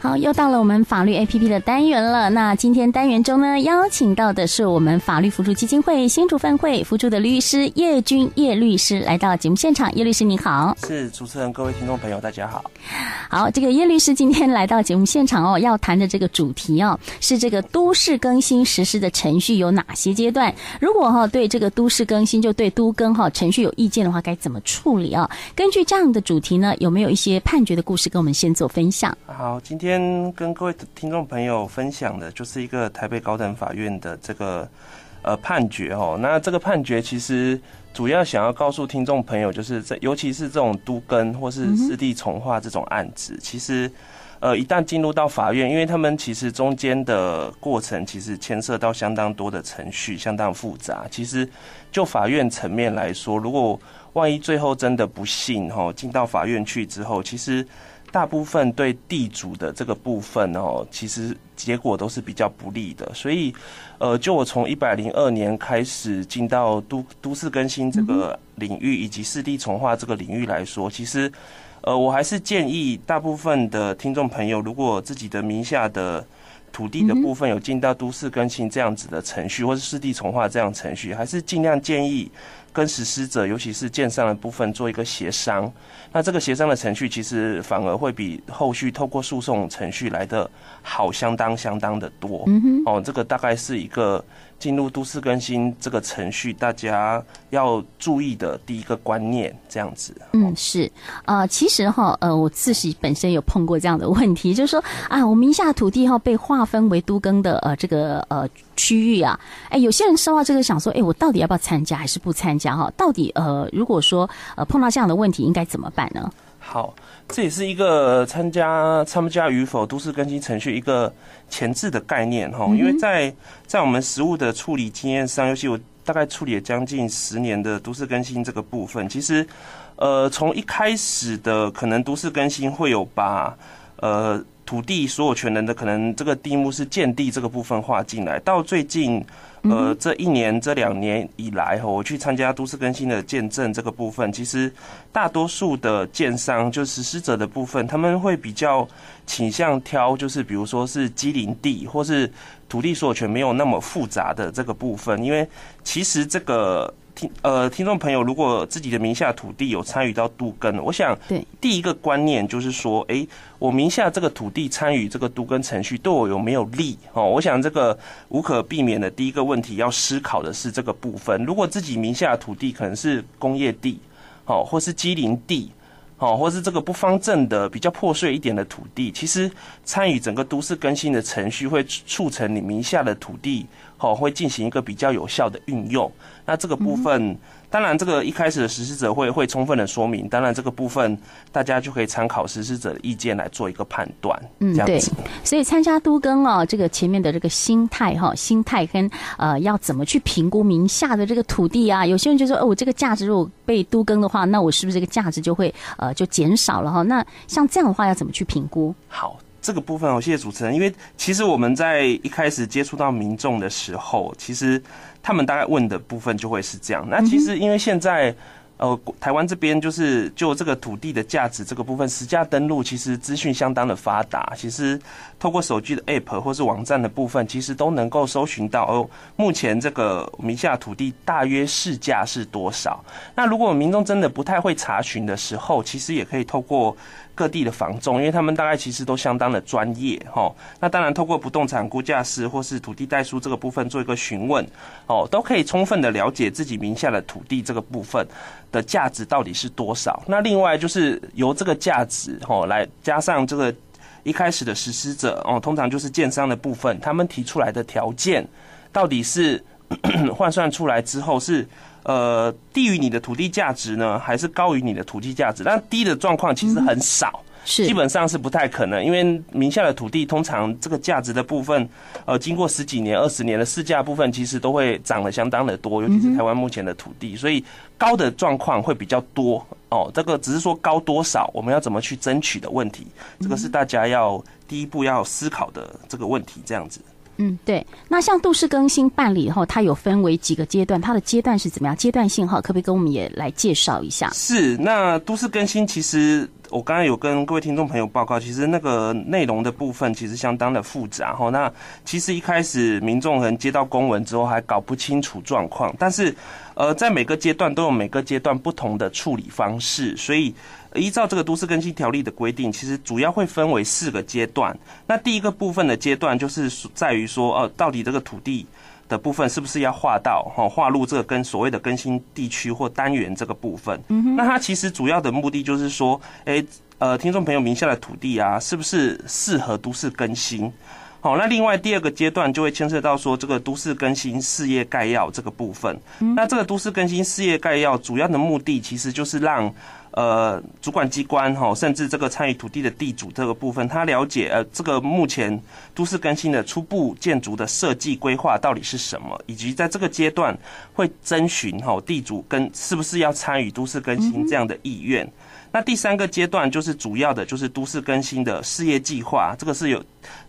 好，又到了我們法律 APP 的單元了。那今天單元中呢，邀請到的是我們法律扶助基金會新竹分會扶助的律師葉鈞葉律師來到節目現場。葉律師你好，是主持人，各位聽眾朋友，大家好。好，這個葉律師今天來到節目現場哦，要談的這個主題哦，是這個都市更新實施的程序有哪些階段？如果哈、哦、對這個都市更新就對都更哈、哦、程序有意見的話，該怎麼處理啊、哦？根據這樣的主題呢，有沒有一些判決的故事跟我們先做分享？好，今天。今天跟各位聽眾朋友分享的，就是一個台北高等法院的這個呃判決哦。那這個判決其實主要想要告訴聽眾朋友，就是在尤其是這種都更或是市地重劃這種案子，嗯、其實呃一旦進入到法院，因為他們其實中間的過程其實牽涉到相當多的程序，相當複雜。其實就法院層面來說，如果萬一最後真的不幸哦，進到法院去之後，其實。大部分對地主的這個部分哦，其實結果都是比較不利的。所以，呃，就我從一百零二年開始進到都都市更新這個領域，以及市地重劃這個領域來說，其實，呃，我還是建議大部分的聽眾朋友，如果自己的名下的。土地的部分有進到都市更新這樣子的程序，嗯、或是市地重劃這樣程序，還是盡量建議跟實施者，尤其是建商的部分做一個協商。那這個協商的程序，其實反而會比後續透過訴訟程序來的好，相當相當的多。嗯哼，哦，這個大概是一個。進入都市更新這個程序，大家要注意的第一個觀念這樣子。嗯，是，呃，其實哈，呃，我自己本身有碰過這樣的問題，就是說啊，我名下的土地哈被劃分為都更的呃這個呃區域啊，哎、欸，有些人收到這個想說，哎、欸，我到底要不要參加還是不參加哈、啊？到底呃，如果說呃碰到這樣的問題，應該怎麼辦呢？好，這也是一個參加參加與否都市更新程序一個前置的概念哈、嗯，因為在在我們實務的處理經驗上，尤其我大概處理了將近十年的都市更新這個部分，其實，呃，從一開始的可能都市更新會有把呃土地所有權人的可能這個地目是建地這個部分劃進來，到最近。呃，這一年這兩年以來哈，我去參加都市更新的見證這個部分，其實大多數的建商就實施者的部分，他們會比較傾向挑，就是比如說是畸零地或是土地所有權沒有那麼複雜的這個部分，因為其實這個。聽呃，聽眾朋友，如果自己的名下的土地有參與到都更，我想，對，第一個觀念就是說，哎、欸，我名下這個土地參與這個都更程序對我有沒有利？哦，我想這個無可避免的第一個問題要思考的是這個部分。如果自己名下的土地可能是工業地，哦，或是畸零地。好、哦，或是這個不方正的、比較破碎一點的土地，其實參與整個都市更新的程序，會促成你名下的土地，好、哦，會進行一個比較有效的運用。那這個部分。嗯當然，這個一開始的實施者會會充分的說明。當然，這個部分大家就可以參考實施者的意見來做一個判斷。這樣子。嗯，對。所以參加都更哦，這個前面的這個心態哈，心態跟呃，要怎麼去評估名下的這個土地啊？有些人就說，哦、呃，我這個價值如果被都更的話，那我是不是這個價值就會呃就減少了哈、哦？那像這樣的話，要怎麼去評估？好。這個部分，我謝謝主持人，因為其實我們在一開始接觸到民眾的時候，其實他們大概問的部分就會是這樣。那其實因為現在，呃，台灣這邊就是就這個土地的價值這個部分，實價登錄其實資訊相當的發達，其實透過手機的 App 或是網站的部分，其實都能夠搜尋到哦，呃，目前這個名下土地大約市價是多少。那如果民眾真的不太會查詢的時候，其實也可以透過。各地的房仲，因為他們大概其實都相當的專業，吼、哦。那當然，透過不動產估價師或是土地代書這個部分做一個詢問，哦，都可以充分的了解自己名下的土地這個部分的價值到底是多少。那另外就是由這個價值，吼、哦，來加上這個一開始的實施者，哦，通常就是建商的部分，他們提出來的條件到底是換 算出來之後是。呃，低於你的土地價值呢，還是高於你的土地價值？但低的狀況其實很少，嗯、是基本上是不太可能，因為名下的土地通常這個價值的部分，呃，經過十幾年、二十年的市價部分，其實都會漲得相當的多，尤其是台灣目前的土地，嗯、所以高的狀況會比較多哦。這個只是說高多少，我們要怎麼去爭取的問題，這個是大家要第一步要思考的這個問題，這樣子。嗯，對。那像都市更新辦理以後，它有分為幾個階段，它的階段是怎麼樣？階段性哈，可不可以跟我們也來介紹一下？是，那都市更新其實我剛才有跟各位聽眾朋友報告，其實那個內容的部分其實相當的複雜哈、哦。那其實一開始民眾可能接到公文之後還搞不清楚狀況，但是。呃，在每個階段都有每個階段不同的處理方式，所以，呃，依照這個都市更新條例的規定，其實主要會分為四個階段。那第一個部分的階段就是在於說，呃，到底這個土地的部分是不是要劃到哈，呃，劃入這個跟所謂的更新地區或單元這個部分？嗯，那它其實主要的目的就是說，哎，呃，聽眾朋友名下的土地啊，是不是適合都市更新？好、哦，那另外第二個階段就會牽涉到說這個都市更新事業概要這個部分、嗯。那這個都市更新事業概要主要的目的其實就是讓，呃，主管機關哈、哦，甚至這個參與土地的地主這個部分，他了解呃這個目前都市更新的初步建築的設計規劃到底是什麼，以及在這個階段會徵詢哈地主跟是不是要參與都市更新這樣的意願、嗯。那第三個階段就是主要的就是都市更新的事業計劃，這個是有。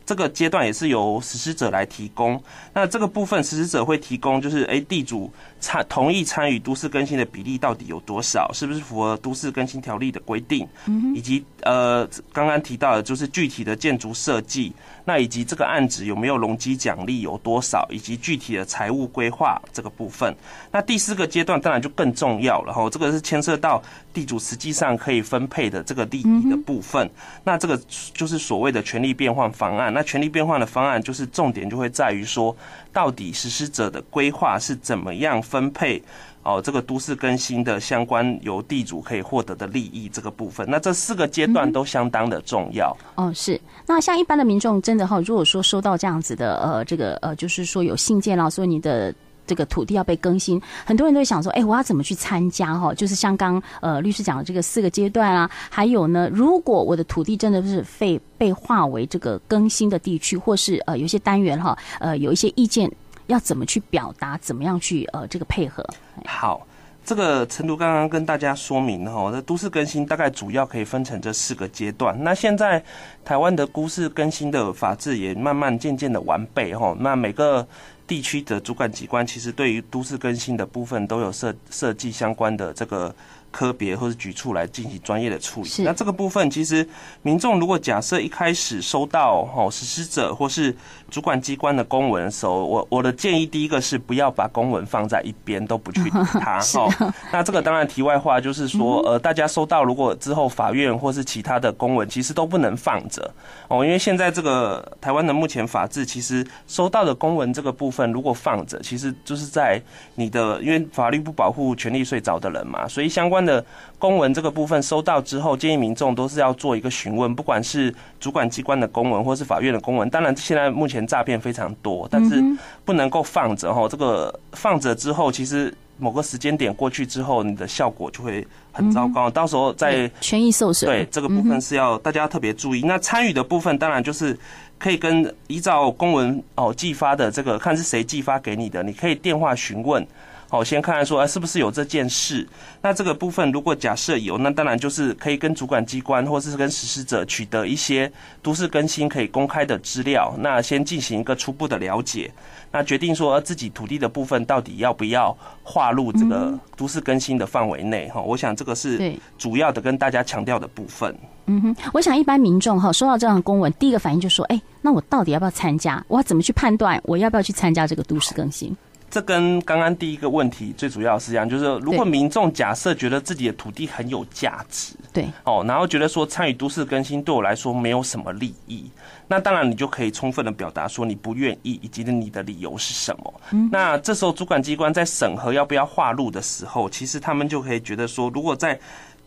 這個階段也是由實施者來提供。那這個部分實施者會提供，就是哎，地主參同意參與都市更新的比例到底有多少？是不是符合都市更新條例的規定？嗯，以及呃，剛剛提到的就是具體的建築設計，那以及這個案子有沒有容積獎勵，有多少？以及具體的財務規劃這個部分。那第四個階段當然就更重要了哈，然後這個是牽涉到地主實際上可以分配的這個利益的部分。那這個就是所謂的權利變換方法。方案，那權利變換的方案就是重點就會在於說，到底實施者的規劃是怎麼樣分配哦、呃，這個都市更新的相關由地主可以獲得的利益這個部分。那這四個階段都相當的重要、嗯。哦，是。那像一般的民眾，真的哈，如果說收到這樣子的呃，這個呃，就是說有信件了，說你的。這個土地要被更新，很多人都會想說，誒、欸，我要怎麼去參加？哈、哦，就是像剛呃律師講的這個四個階段啊，還有呢，如果我的土地真的是被被劃為這個更新的地區，或是呃有一些單元哈，呃有一些意見，要怎麼去表達，怎麼樣去呃這個配合？哎、好，這個程度剛剛跟大家說明哈，我、哦、的都市更新大概主要可以分成這四個階段。那現在台灣的都市更新的法制也慢慢漸漸的完備哈、哦，那每個。地區的主管機關其實對於都市更新的部分都有設設計相關的這個。科別或是局處來進行專業的處理。那這個部分，其實民眾如果假設一開始收到哦，實施者或是主管機關的公文的時候，我我的建議第一個是不要把公文放在一邊都不去理它、 哦。那這個當然題外話就是說， 呃，大家收到如果之後法院或是其他的公文，其實都不能放着哦，因為現在這個台灣的目前法制，其實收到的公文這個部分如果放着其實就是在你的，因為法律不保護權利睡着的人嘛，所以相關。的公文這個部分收到之後，建議民眾都是要做一個詢問，不管是主管機關的公文或是法院的公文。當然，現在目前詐騙非常多，但是不能夠放着哈、嗯哦。這個放着之後，其實某個時間點過去之後，你的效果就會很糟糕。嗯、到時候在權益受損，對這個部分是要、嗯、大家要特別注意。那參與的部分，當然就是可以跟依照公文哦寄發的這個，看是誰寄發給你的，你可以電話詢問。好，先看看說，哎，是不是有這件事？那這個部分，如果假設有，那當然就是可以跟主管機關或者是跟實施者取得一些都市更新可以公開的資料，那先進行一個初步的了解，那決定說自己土地的部分到底要不要劃入這個都市更新的範圍內。哈、嗯，我想這個是主要的跟大家強調的部分。嗯哼，我想一般民眾哈收到這樣的公文，第一個反應就是說，哎、欸，那我到底要不要參加？我要怎麼去判斷我要不要去參加這個都市更新？這跟剛剛第一個問題最主要是一樣，就是如果民眾假設覺得自己的土地很有價值，對，哦，然後覺得說參與都市更新對我來說沒有什麼利益，那當然你就可以充分的表達說你不願意以及你的理由是什麼，嗯。那這時候主管機關在審核要不要劃入的時候，其實他們就可以覺得說，如果在。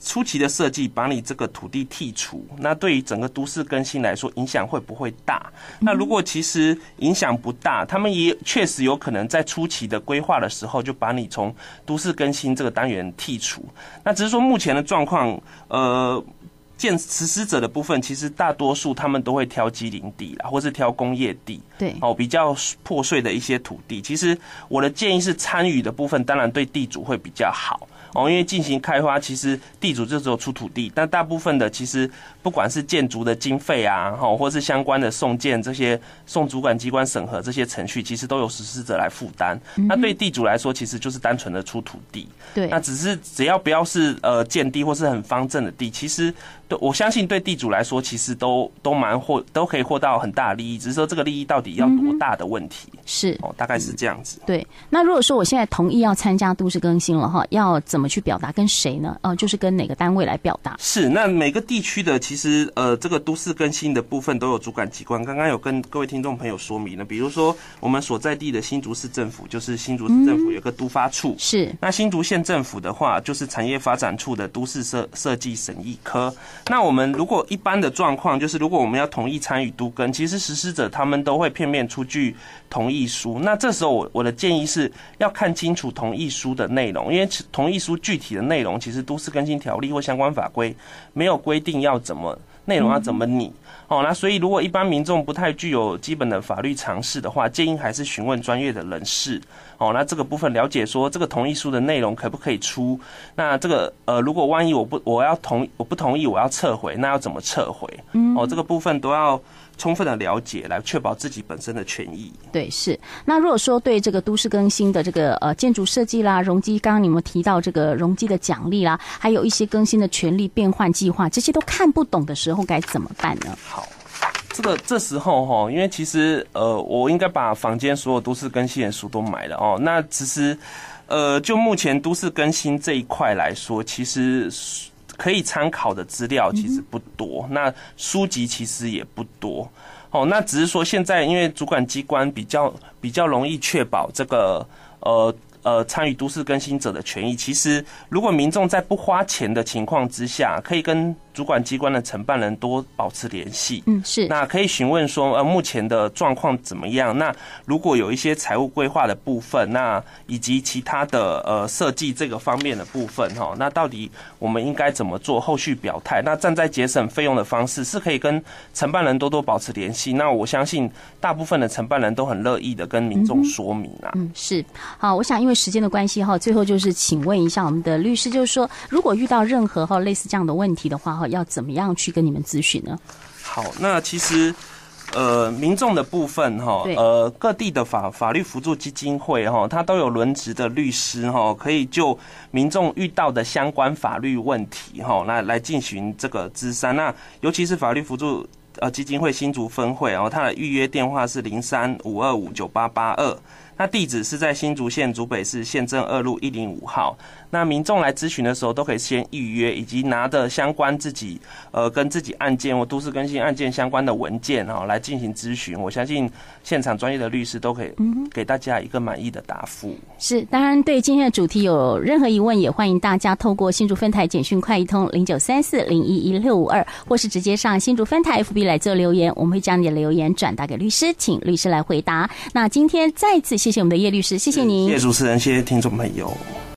初期的設計把你這個土地剔除，那對於整個都市更新來說，影響會不會大？那如果其實影響不大，他們也確實有可能在初期的規劃的時候就把你從都市更新這個單元剔除。那只是說目前的狀況，呃。建實施者的部分，其實大多數他們都會挑畸零地啦，或是挑工業地，對，哦，比較破碎的一些土地。其實我的建議是，參與的部分當然對地主會比較好哦，因為進行開發，其實地主就只有出土地，但大部分的其實不管是建築的經費啊，哈、哦，或是相關的送件這些送主管機關審核這些程序，其實都有實施者來負擔、嗯嗯。那對地主來說，其實就是單純的出土地，對，那只是只要不要是呃建地或是很方正的地，其實。我相信對地主來說，其實都都蠻獲，都可以獲到很大利益，只是說這個利益到底要多大的問題。嗯、是哦，大概是這樣子。嗯。對，那如果說我現在同意要參加都市更新了哈，要怎麼去表達？跟誰呢？呃，就是跟哪個單位來表達？是，那每個地區的其實呃，這個都市更新的部分都有主管機關。剛剛有跟各位聽眾朋友說明了，比如說我們所在地的新竹市政府，就是新竹市政府有個都發處。嗯。是，那新竹縣政府的話，就是產業發展處的都市設設計審議科。那我們如果一般的狀況，就是如果我們要同意參與都更，其實實施者他們都會片面出具同意書。那這時候我我的建議是要看清楚同意書的內容，因為同意書具體的內容其實都市更新條例或相關法規沒有規定要怎麼。內容要怎麼擬？哦，那所以如果一般民眾不太具有基本的法律常識的話，建議還是詢問專業的人士。哦，那這個部分了解說這個同意書的內容可不可以出？那這個呃，如果萬一我不我要同我不同意，我要撤回，那要怎麼撤回？哦，這個部分都要。充分的了解，來確保自己本身的權益。對，是。那如果說，對這個都市更新的這個呃建築設計啦、容積，剛剛你們提到這個容積的獎勵啦，還有一些更新的權利變換計劃，這些都看不懂的時候該怎麼辦呢？好，這個這時候哈、哦，因為其實呃，我應該把坊間所有都市更新的書都買了哦。那其實呃，就目前都市更新這一塊來說，其實。可以參考的資料其實不多，那書籍其實也不多，哦，那只是說現在因為主管機關比較比較容易確保這個呃呃參與都市更新者的權益，其實如果民眾在不花錢的情況之下，可以跟。主管機關的承辦人多保持聯繫，嗯，是。那可以詢問說，呃，目前的狀況怎麼樣？那如果有一些財務規劃的部分，那以及其他的呃設計這個方面的部分，哈，那到底我們應該怎麼做？後續表態？那站在節省費用的方式，是可以跟承辦人多多保持聯繫。那我相信大部分的承辦人都很樂意的跟民眾說明啊嗯。嗯，是。好，我想因為時間的關係哈，最後就是請問一下我們的律師，就是說，如果遇到任何哈類似這樣的問題的話。要怎麼樣去跟你們諮詢呢？好，那其實，呃，民眾的部分哈，呃，各地的法法律輔助基金會哈，它都有輪值的律師哈，可以就民眾遇到的相關法律問題哈，那來來進行這個諮商。那尤其是法律輔助呃基金會新竹分會哦，它的預約電話是零三五二五九八八二，那地址是在新竹縣竹北市縣政二路一零五號。那民眾來諮詢的時候，都可以先預約，以及拿着相關自己呃跟自己案件或都市更新案件相關的文件哦，來進行諮詢。我相信現場專業的律師都可以給大家一個滿意的答覆、嗯。是，當然對今天的主題有任何疑問，也歡迎大家透過新竹分臺簡訊快易通零九三四零一一六五二，或是直接上新竹分台 FB 來做留言，我們會將你的留言轉達給律師，請律師來回答。那今天再次謝謝我們的葉律師，謝謝您，葉主持人，謝謝聽眾朋友。